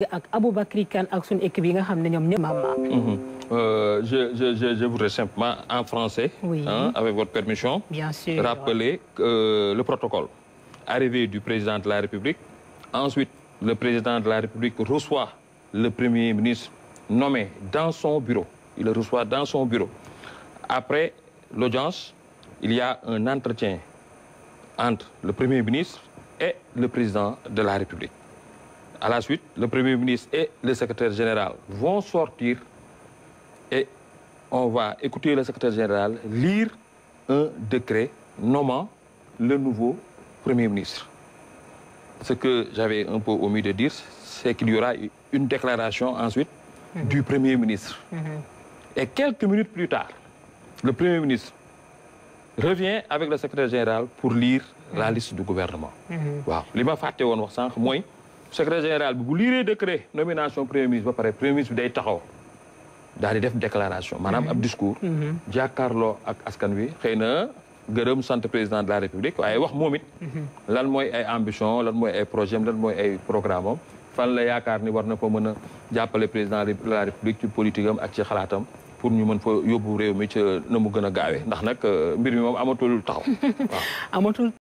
je voudrais simplement en français. Hein, avec votre permission. rappeler que euh, le protocole. Arrivée du président de la République. Ensuite, le président de la République reçoit le premier ministre nommé dans son bureau. Il le reçoit dans son bureau. Après l'audience, il y a un entretien entre le premier ministre et le président de la République. À la suite, le Premier ministre et le secrétaire général vont sortir et on va écouter le secrétaire général lire un décret nommant le nouveau Premier ministre. Ce que j'avais un peu omis de dire, c'est qu'il y aura une déclaration ensuite mhm. du Premier ministre. Mhm. Et quelques minutes plus tard, le Premier ministre revient avec le secrétaire général pour lire la mhm. liste du gouvernement. Les moins. secrétaire général bi bu liiree décret nomination premier ministre ba pare premier ministre bi day taxaw daal di def déclaration maanaam mhm. ab discours mhm. jàkkaarloo ak askan wi xëy na gërëm sant président de la république waaye wax moom it mhm. lan mooy ay ambition lan mooy ay projet lan mooy ay programme am fan la yaakaar ni war na ko mën a jàppale président de la république ci politique am ak ci xalaatam pour ñu mën fa yóbbu réew mi ci na mu gën a gaawee ndax nag euh, mbir mi amatul taxaw